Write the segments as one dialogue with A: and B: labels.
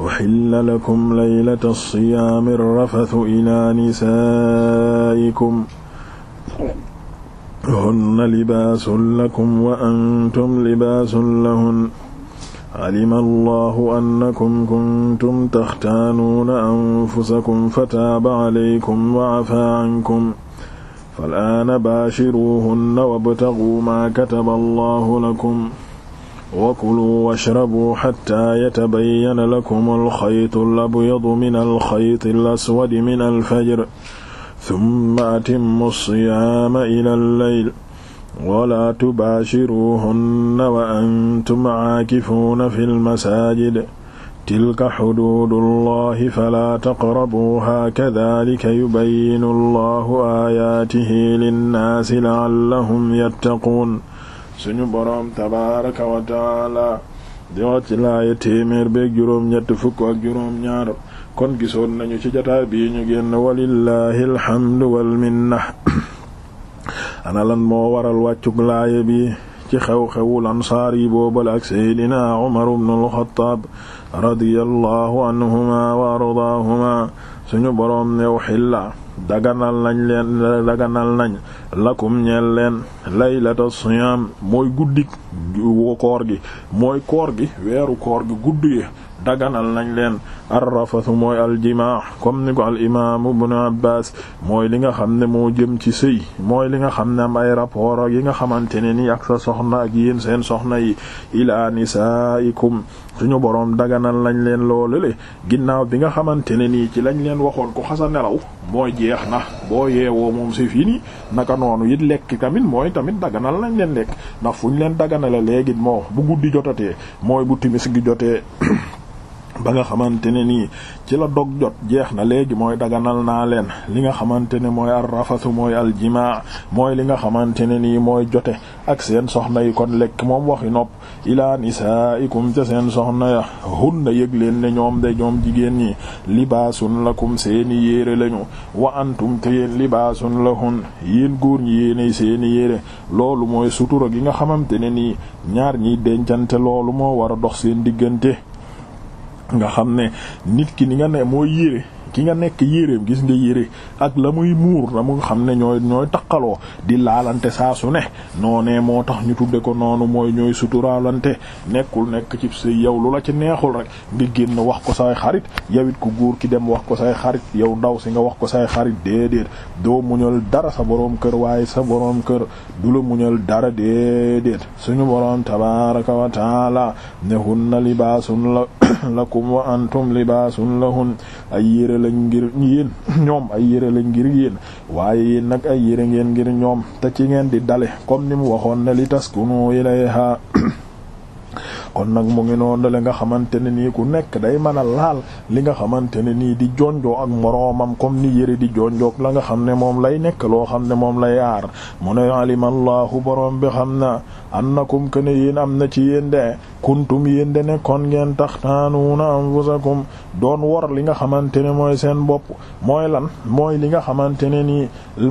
A: uxilla lakum leylata alsiyaami alrafathu ila nisaaikum hunna libaasun lakum wa antum libaasun lahun alima allahu annakum kuntum taxtaanuuna anfusakum fataaba alaykum wa cafaa cankum falaana baashiruuhunna wabtaguu maa kataba allahu lakum wakuluu washrabuu xataa yatabayyana lakum alxaytu alabyadu min alxayti alaswadi min alfajr summa atimmu siyaama ila alleyl wala tubaashiruuhunna wa antum caakifuuna fi lmasaajid tilka xuduudu allahi falaa taqrabuuhaa kadalika yubayyinu allahu aayaatihi linnaasi lacallahum yattaquun suñu boroom tabaaraka wa taala di wax ci laaya beeg juróom-ñett fukk ak juróom-ñaar kon gisoon nañu ci jataay bii ñu génn walillahi alhamdu wal minna ana moo waral wàccug laaya bi ci xew-xewul ansaar yi boobale ak seydina Umar ibn al-Xattaab radiyallahu anhuma wa ardaahuma suñu boroom new xilla daganal nañ leen daganal nañ lakum ñeel leen laylata siyam mooy guddik koor gi mooy koor gi weeru koor gi gudd yi daganal nañ leen arrafasu mooy aljimaa comme ni ko al imaamu ibnu Abbaas mooy li nga xam ne moo jëm ci sëy mooy li nga xam ne am ay rapport yi nga xamante ne nii ak sa soxna ak yéen seen soxna yi ilaa nisaaikum suñu boroom daganal nañ leen loolu le ginnaaw bi nga xamante ne nii ci lañ leen waxoon ku xasa nelaw mooy jeex na boo yeewoo moom yi ni naka noonu it lekk tamit mooy tamit daganal nañ leen lekk ndax fu ñu leen daganale léegi moo bu guddi jotatee mooy bu timis gi jotee ba nga xamante ne nii ci la dog jot jeex na léegi mooy daganal naa leen li nga xamante ne mooy ar rafasu mooy aljimaa mooy li nga xamante ne nii mooy jote ak seen soxna yi kon lekk moom waxi nopp ilaa nisaaikum ca seen soxna ya hunna yëg leen ne ñoom da ñoom jigéen ñi libaasun lakum seeni yére lañu wa antum te yéen libaasun lahun yéen góor ñi yéenay seeni yére loolu mooy sutura gi nga xamante ne nii ñaar ñiy dencante loolu moo war a dox seen diggante nga xam ne nit ki ni nga ne moo yére ki nga nekk yéreem gis nga yére ak la muy muur la mu xam ne ñooy ñooy taqaloo di laalante saa su ne noonee moo tax ñu tudde ko noonu mooy ñooy suturaalante nekkul nekk ci sëy yow lu la ci neexul rek nga génn wax ko say xarit yawit ku góor ki dem wax ko say xarit yow ndaw si nga wax ko say xarit déedéet doo muñal dara sa boroom kër waaye sa boroom kër du la muñal dara déedéet suñu boroom tabaaraka wa na ne hunna libaasun lakum wa antum libaasun lahun ay yére lañ ngir yéen ñoom ay yére lañ ngir yéen waaye yéen nag ay yére ngeen ngir ñoom te ci ngeen di dale comme ni mu waxoon ne li taskunu ilayha kon nag mu ngi noonu la nga xamante ne nii ku nekk day mën a laal li nga xamante ne nii di jonjoo ak moroomam comme ni yére di jonjoog la nga xam ne moom lay nekk loo xam ne moom lay aar mu ne alimallahu borom bi xam na annakum kana yéen am na ci yéen de kuntum yéen de nekkoon ngeen taxtaanuuna anfusakum doon wor li nga xamante ne mooy seen bopp mooy lan mooy li nga xamante ne nii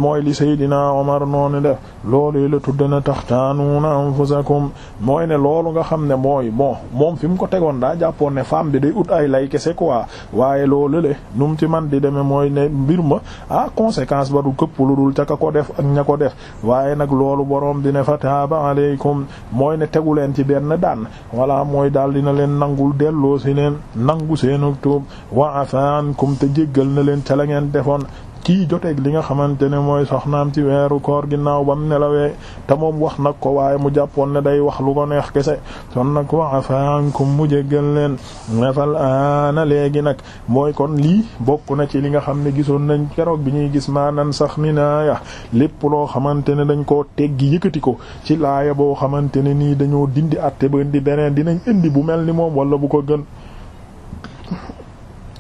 A: mooy li dina Omar noonu def loolu la tudd na taxtaanuuna anfusakum mooy ne loolu nga xam ne bon moom fi mu ko tegoon daa jàppoon ne femme bi day ut ay lay kese quoi waaye loolu le nu mu ci man di demee mooy ne mbir ma ah conséquence ba du këpp lu dul ca ko def ak ña ko def waaye nag loolu borom di ne fa taaba aleykum mooy ne tegu leen ci benn daan walla mooy daal dina leen nangul delloo si leen nangu seenu tuub wa afa ankum te jéggal na leen ca la ngeen defoon kii joteeg li nga xamante ne mooy soxnaam ci weeru koor ginnaaw bam nelawee te moom wax nag ko waaye mu jàppoon ne day wax lu ko neex kese kon nag wa afa ankum mu jéggal leen nefal aana léegi nag mooy kon lii bokk na ci li nga xam ne gisoon nañ keroog bi ñuy gis maanan sax minaaya lépp loo xamante ne dañ ko teggi yëkkati ko ci laaya boo xamante ne nii dañoo dindi atte ba indi beneen dinañ indi bu mel ni moom walla bu ko gën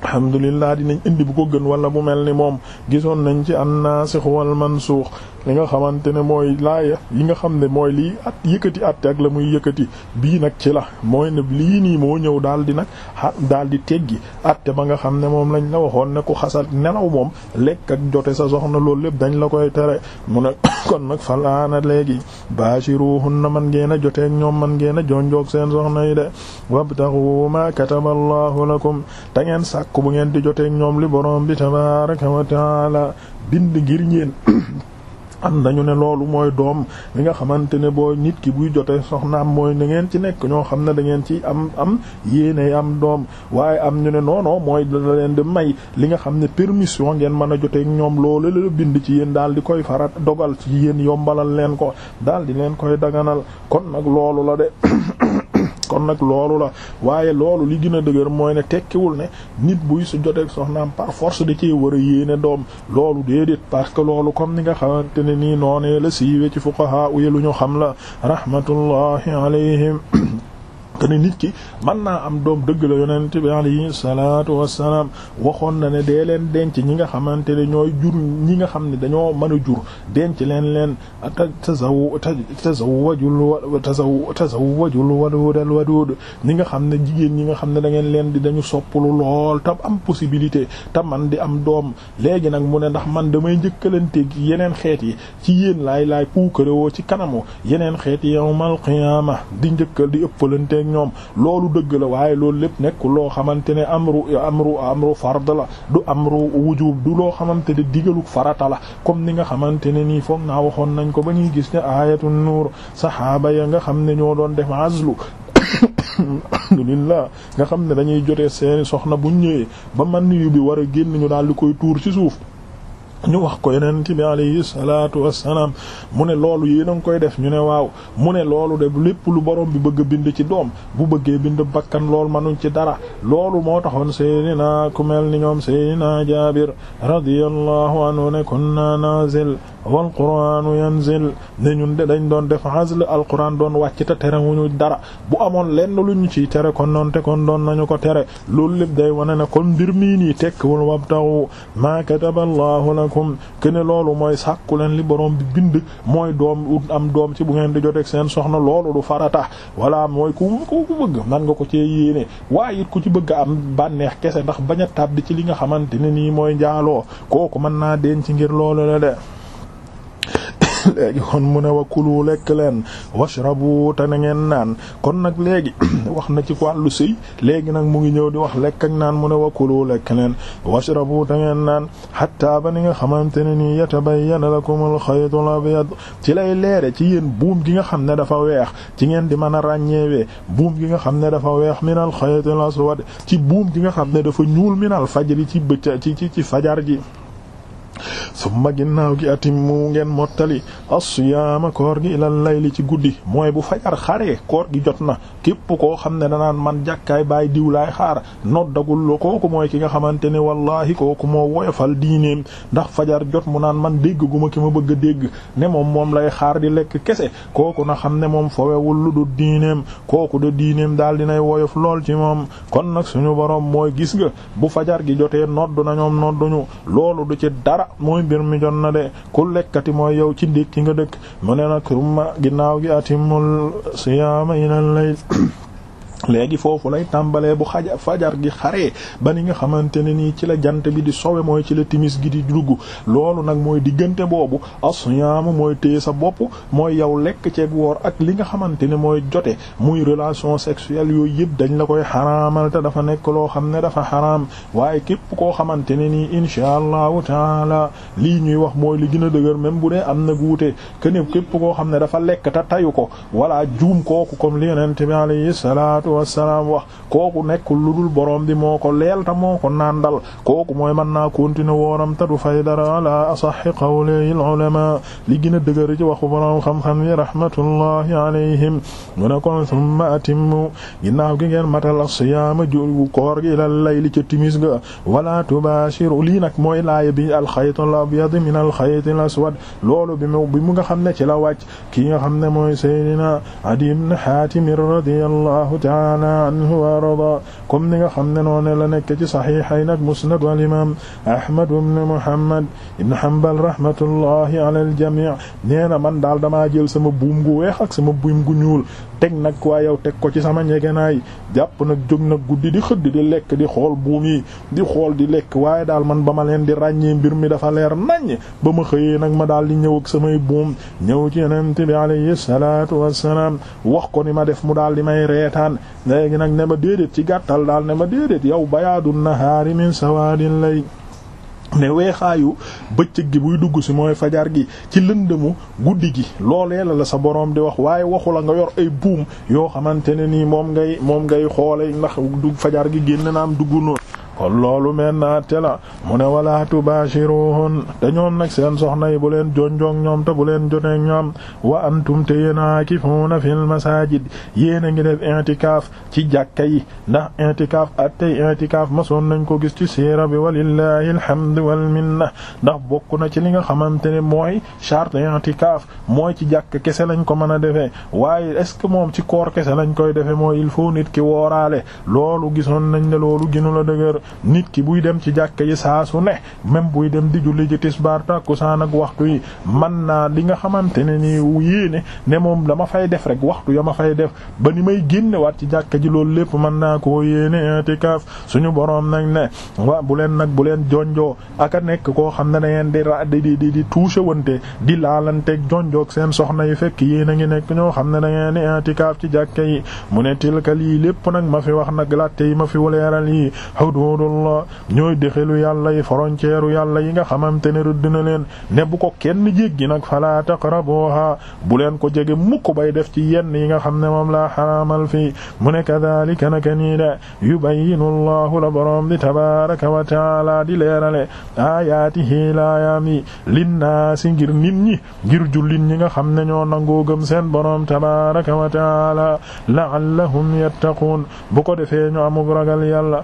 A: alhamdulillah dinañ indi bu ko gën wala bu mel ni moom gisoon nañ ci an-nasikh man mansukh li nga xamante ne mooy laaya yi nga xam ne mooy lii at yëkkati at ak la muy yëkkati bii nag ci la mooy ne lii nii moo ñëw daal di nag a daal di teggi atte ba nga xam ne moom lañ la waxoon ne ku xasal nelaw moom lekk ak jote sa soxna loolu lépp dañ la koy tere mu ne kon nag falaana léegi na man ngeen a joteeg ñoom man ngeen a jonjoog seen soxna yi de wabtahu ma kataba Allahu lakum ta ngeen sàkk takk bu ngeen di joteeg ñoom li borom bi tabaraka wa la bind ngir ñeen am nañu ne loolu mooy doom li nga xamante ne boo nit ki buy jotee soxnaam mooy na ngeen ci nekk ñoo xam ne da ngeen ci am am yéene am doom waaye am ñu ne noonon mooy la leen di may li nga xam ne permission ngeen mën a joteeg ñoom loolu la bind ci yéen daal di koy farat dogal ci yéen yombalal leen ko daal di leen koy daganal kon nag loolu la de kon nag loolu la waaye loolu li gën a dëgër mooy ne tekkiwul ne nit buy su joteeg soxnaam par force da cee war yéene doom loolu déedéet parce que loolu comme ni nga xamante ne nii noonee la siiwe ci fuqaha uye lu ñu xam la rahmatullahi alayhim que ne nit ki mën naa am doom dëgg la yonent bi alayhi salaatu wassalaam waxoon na ne dee leen denc ñi nga xamante ne ñooy jur ñi nga xam ne dañoo mën a jur denc leen leen ta tazaw tazawwajul wa tazaw tazawwajul wadudal wadud ñi nga xam ne jigéen ñi nga xam ne da ngeen leen di dañu soppalu lool tam am possibilité te man di am doom léegi nag mu ne ndax man damay njëkkalanteeg yeneen xeet yi ci yéen laay laay puukarewoo ci kanamu yeneen xeet yi yawmal qiyaama di njëkkal di ëppalanteeg ñoom loolu dëgg la waaye loolu lépp nekk loo xamante ne amru amru amru fard la du amru wujub du loo xamante ne digalu farata la comme ni nga xamante ne nii foog naa waxoon nañ ko ba ñuy gis ne ayatu nuur saxaaba ya nga xam ne ñoo doon def azlu alhamdulillah nga xam ne dañuy jotee seeni soxna buñ ñëwee ba man yu bi war a génn ñu daal di koy tuur ci suuf ñu wax ko yonent bi alayhi salaatu wassalaam mu ne loolu yéen a ngi koy def ñu ne waaw mu ne loolu de lépp lu borom bi bëgg a bind ci doom bu bëggee bind bakkan lool manuñ ci dara loolu moo taxoon Seydina ku mel ni ñoom Seydina Jaabir radiyallahu anhu ne kunna nazil wal qur'anu yanzil ne ñun de dañ doon def azl al qur'an doon wàcc te wu ñu dara bu amoon lenn lu ñu ci tere kon noon te kon doon nañu ko tere loolu lépp day wane na kon mbir mii nii tekkiwul wabtahu ma awlaadakum kene loolu mooy sàkku leen li borom bi bind mooy doom ut am doom ci bu ngeen di joteeg seen soxna loolu du farata wala mooy ku ku bëgg nan nga ko cee yéene waaye ku ci bëgg am bànneex kese ndax bañ a tàbbi ci li nga xamante ne nii mooy njaaloo kooku mën naa ci ngir loolu la de léegi kon mu ne wa kulu lekk leen washrabu te na ngeen naan kon nag léegi wax na ci wàllu sëy léegi nag mu ngi ñëw di wax lekk ak naan mu ne wa kulu lekk leen washrabu te ngeen naan hatta ba ni nga xamante ne nii la ko al-khayt al-abyad ci lay leere ci yéen buum gi nga xam ne dafa weex ci ngeen di mën a ràññeewee buum gi nga xam ne dafa weex min al-khayt al-aswad ci buum gi nga xam ne dafa ñuul min faj fajr ci bëcc ci ci ci fajar ji summa ginnaaw gi atimmu ngeen mottali as-siyaama koor gi ilal layli ci guddi mooy bu fajar xare koor gi jot na képp koo xam ne danaan man jàkkaay baay diw laay xaar noddagul la kooku mooy ki nga xamante ne wallahi kooku moo woyofal diineem ndax fajar jot mu naan man dégg gu ki ma bëgg dégg ne moom moom lay xaar di lekk kese kooku na xam ne moom fowewul lu du diineem kooku de diineem daal dinay woyof lool ci moom kon nag suñu boroom mooy gis nga bu fajar gi jotee noddu na ñoom nodduñu loolu du ci dara mooy mbir mi jot na de ku lekkati mooy yow ci ndékki nga dëkk mu ne nag rumma ginnaaw gi atimul siyaama ilal layl léegi foofu lay tàmbalee bu xaja fajar gi xaree ba ni nga xamante ne nii ci la jant bi di sowe mooy ci la timis gi di dugg loolu nag mooy diggante boobu asiyaamu mooy téye sa bopp mooy yow lekk ceeg woor ak li nga xamante ne mooy jote muy relation sexuelle yooyu yëpp dañ la koy xaraamal te dafa nekk loo xam ne dafa xaraam waaye képp koo xamante ne nii insha allahu taala lii ñuy wax mooy li gën a dëgër même bu dee am na guute kene képp koo xam ne dafa lekk te ko walla juum kooku comme li yonent salaatu wassalaam wax kooku nekkul lu dul borom bi moo ko leel ta moo ko nandal kooku mooy man naa continuer wooram ta du fay dara ala asaxi qawli ulama a dëgër ci waxu borom xam-xam yi rahmatullahi ginnaaw gi ngeen matal as-siyaama ju koor gi timis ga wala tubashiru lii nag mooy laaya bi al-xayt al-abyad min al-xayt al-aswad loolu bi mu bi mu nga xam ne ci la wàcc ki nga xam ne mooy sayyidina Adi ibn Hatim radiyallahu ta'ala taala anhu wa arda comme ni nga xam ne noonu la nekk ci saxiixayn ak musnad al imaam Ahmad ibn Muhammad ibn Hanbal rahmatullahi ala al jamii nee na man daal damaa jël sama buum gu weex ak sama buum gu ñuul teg nag waa yow teg ko ci sama ñegenaay jàpp nag jóg nag guddi di xëdd di lekk di xool buum yi di xool di lekk waaye daal man ba ma leen di ràññee mbir mi dafa leer naññ ba ma xëyee nag ma daal di ñëw ak samay buum ñëw ci yonent bi alayhi salaatu wassalaam wax ko ni ma def mu daal di may reetaan léegi nag ne ma déedéet ci gàttal daal ne ma déedéet yow bayaadun nahaari min sawaadin lay ne weexaayu bëccëg gi buy dugg si mooy fajar gi ci lëndëmu guddi gi loolee la la sa boroom di wax waaye waxu la nga yor ay buum yoo xamante ne nii moom ngay moom ngay xoole ndax dugg fajar gi génn na am dugg noonu kon loolu men naa tela mu ne wala tubashiruhun te ñoom nag seen soxna yi bu leen jonjoog ñoom te bu leen joteeg ñoom wa antum te yéen aakifuuna fil masaajid yéen a ngi def intikaaf ci jàkka yi ndax intikaaf ak tey intikaaf masoon nañ ko gis ci siira bi walillahi alhamdu wal minna ndax bokk na ci li nga xamante ne mooy charte intikaaf mooy ci jàkk kese lañ ko mën a defee waaye est-ce que moom ci koor kese lañ koy defee mooy il faut nit ki wooraale loolu gisoon nañ ne loolu ginu la dëgër nit ki buy dem ci jàkka yi saa su ne même buy dem di julli ji tisbaar tàkkusaan ak waxtu yi man naa li nga xamante ne ni yéene ne moom dama fay def rek waxtu ya ma fay def ba ni may génnewaat ci jàkka ji loolu lépp mën naa koo yéene itikaaf suñu boroom nag ne waa bu leen nag bu leen jonjoo aka nekk koo xam ne da ngeen di ra di di di touché wante di laalanteeg jonjoog seen soxna yi fekk yéen a ngi nekk ñoo xam ne da ngeen di itikaaf ci jàkka yi mu ne tilka lii lépp nag ma fi wax nag latte yi ma fi waleeral yi hududullah ñooy dexelu yàlla yi frontière u yàlla yi nga xamante ne rëdd na leen ne bu ko kenn jéggi nag fala taqrabuha bu leen ko jege mukk bay def ci yenn yi nga xam ne moom laa xaraamal fii mu ne kadhalika naka nii de yubayyinu allahu la borom di tabaraka wa di leerale ayaatihi laayaam yi linnaasi ngir nit ñi ngir jullit ñi nga xam ne ñoo nangoo gëm seen borom tabaraka wa taala la'allahum bu ko defee ñu amug ragal yàlla